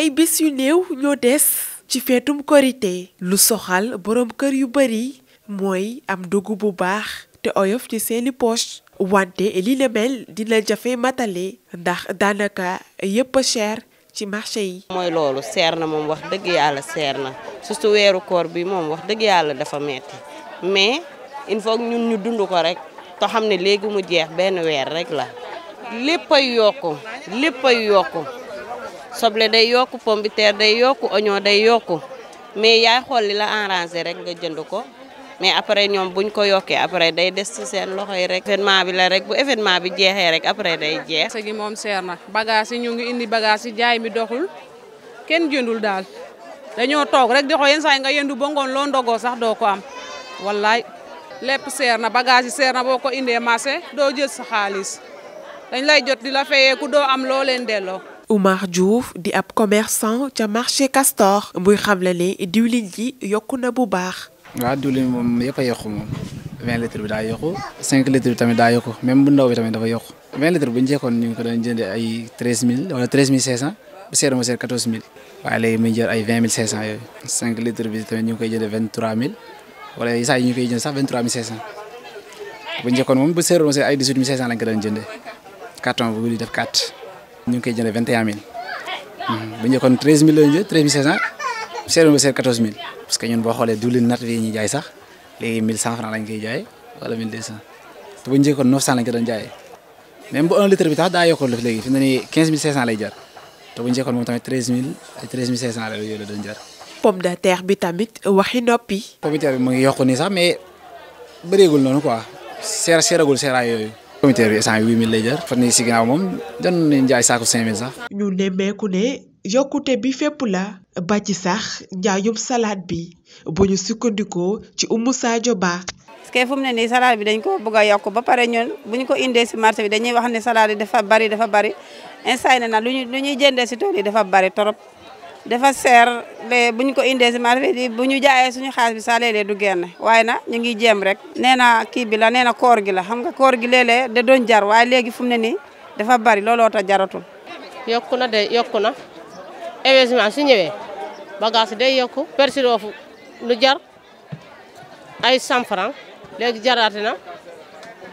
ay bés yu néew ñoo des ci feetum korite lu soxal boroom kër yu bari mooy am dugub bu baax te oyof ci seeni poche wante li ne mel dina jafe matale ndax daanaka yépp cher ci marché yi. mooy loolu seer na moom wax dëgg yàlla seer na surtout weeru koor bi moom wax dëgg yàlla dafa metti mais il faut ñun ñu dund ko rek. te xam ne léegi mu jeex benn weer rek la lépp ay yokku lépp ay yokku soble day yokku pombiteer day yokku oignon day yokku mais yaay xool li la arrangé rek nga jënd ko mais après ñoom buñ ko yokkee après day des ci seen loxo yi rek. événement bi la rek bu événement bi jeexee rek après day jeex. marché moom seer na bagage yi ñu ngi indi bagaas yi jaay mi doxul kenn jëndul daal dañoo toog rek di xool yenn nga yëndu ba ngoon loo ndogoo sax doo ko am wallaay. lépp seer na bagage yi seer na boo ko indee marché doo jël sa xaalis dañ lay jot di la fayee ku doo am loo leen delloo. Oumar Diouf di ab commerçant ca marché Castor buy xamle ne diwlin ji yokku na bu baax. waaw diwlin moom yëpp a yokku moom 20 litres bi daa yokku 5 litres bi tamit daa yokku même bu ndaw bi tamit dafa yokku 20 litres bu ñu ñu ngi ko doon jëndee ay 13000 wala 13500 bu seer ma seer 14000 waaye léegi muy jël ay 20500 yooyu 5 litres wala yi saa yi ñu koy jënd sax 23500 bu njëkkoon moom bu seeroon ay 18500 lañ ko daan bu di def 4 ñu ngi koy jëndee 21000 mhm. bu njëkkoon 13000 lañ jënd 13500 seeroon parce que ñun boo xoolee diwlin nat yi ñuy jaay sax léegi 1100 francs lañ koy jaay wala 1200 te bu njëkkoon 900 lañ ko doon jaayee même bu 1 litre bi tax daa yokkul léegi fi mu ne nii 15500 lay jar te bu njëkkoon moom tamit 13000 ay 13500 la yooyu la doon jar. pomme de terre bi tamit waxi noppi. pomme de bi mu ngi yokku nii sax mais bëreegul noonu quoi seer seeragul seeraay yooyu. pomme de terre bi instant yii fan yii si ginnaaw moom doon nañu jaay saako 5000 sax. ñu nemmeeku ne yokkute bi fépp la. ba ci sax njaayum salade bi bu ñu sukkandikoo ci Oumou saajo Ba. parce que fu ne nii salade bi dañ ko bëgg a ba pare ñun bu ñu ko indee si marché bi dañuy wax ne salade yi dafa bari dafa bari instant yii na lu ñuy jëndee si tool yi dafa bari torop. dafa seer le bu ñu ko indee si marché bu ñu jaayee suñu xaalis bi sax léeg-léeg du génn waaye na ñu ngi jéem rek nee na kii bi nee na koor gi la xam nga koor gi léeg-léeg da doon jar waaye léegi fu ne nii dafa bari looloo tax jaratul yokku na de yokku na événement su ñëwee bagage day yokku persiroofu lu jar ay 100 francs léegi jaraate na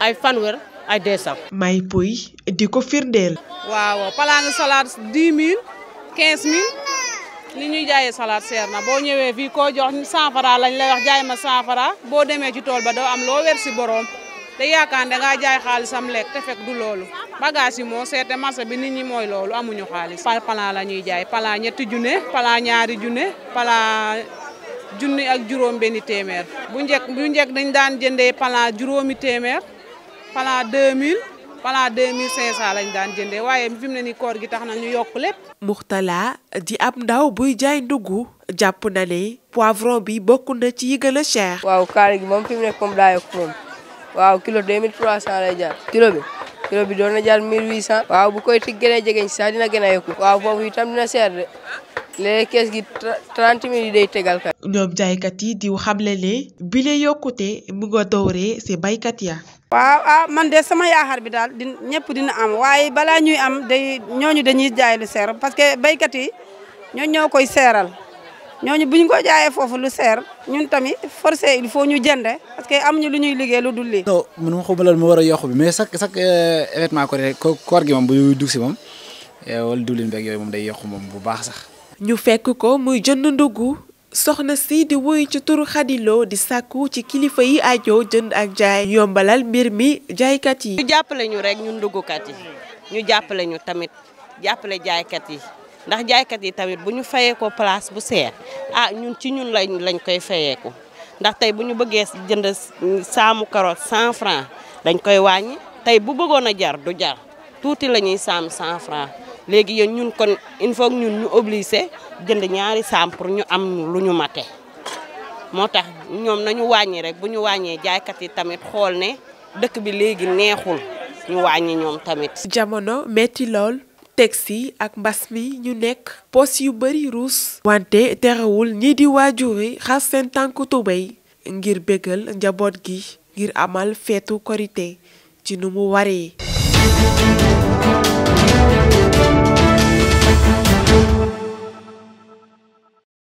ay fanweer ay 200. may puy di ko firndeel. waaw palaanu salaat 10 000 15 000. li ñuy jaaye salaat seer na boo ñëwee fii koo jox saafara francs lañ lay wax jaay ma cent boo demee ci tool ba doo am loo wer si boroom te yaakaar da ngaa jaay xaalisam lekk te fekk du loolu bagage yi moo seete marché bi nit ñi mooy loolu amuñu xaalis par plan la ñuy jaay plan ñetti junne pala ñaari junne pala junni ak juróom benni téeméer bu njëkk bu njëkk dañ daan jëndee pala juróomi téeméer plan 2000 voilà 2500 lañ daan jëndee waaye fi mu ne nii koor gi tax na ñu yokk lépp. Muxtala di am ndaw buy jaay ndugg jàpp na ne poivron bi bokk na ci yi gën a cher. waaw kaar gi moom fi mu nekk moom daa yokk moom waaw kilo 2300 lay jaar kilo bi. kilo bi doon na jaar 1800. waaw bu koy tiggalee jegeñ sax dina gën a yokku. waaw foofu itam dina seer de léegi kees gi trente mille day tegal ka ñoom jaaykat yi diw xam xamle ne bile yokkute mu nga dooree si baykat ya waaw ah man de sama yaakaar bi daal di ñëpp dina am waaye balaa ñuy am day ñooñu dañuy jaay lu seer parce que baykat yi ñooñu ñoo koy seeral ñooñu bu ñu ko jaayee foofu lu seer ñun tamit forcé il faut ñu jënde parce que ñu lu ñuy liggéey lu dul lii. non man ma xamul loolu mu war a yokk bi mais chaque chaque euh, événement ko koor gi moom bu dugg moom eh, wala diwlin beeg yooyu moom day yokk moom bu baax sax. ñu fekk ko muy jënd ndugu soxna si di wuy ci turu xadiloo di sàkku ci kilifa yi ajoo jënd ak jaay yombalal mbir mi jaaykat yi ñu jàppale ñu rek ñu ndugukat yi ñu jàppale ñu tamit jàppale jaaykat yi ndax jaaykat yi tamit bu ñu fayeekoo place bu seer ah ñun ci ñun lañ lañ koy fayeeku ndax tey bu ñu bëggee jënd saamu carotte cent franc dañ koy wàññi tey bu bëggoon a jar du jar tuuti la ñuy saam cent franc léegi yéen ñun kon il ñun ñu obligé jënd ñaari saam ñu am luñu mate moo tax ñoom nañu wàññi rekk bu ñu wàññee jaaykat yi tamit xool ne dëkk bi léegi neexul ñu wàññi ñoom tamit. jamono metti lool teks yi ak mbas mi ñu nekk poos yu bari ruus. wante terewul ñii di waajur yi xas seen tànku tubéy ngir bégal njaboot gi ngir amal feetu korite ci nu mu waree.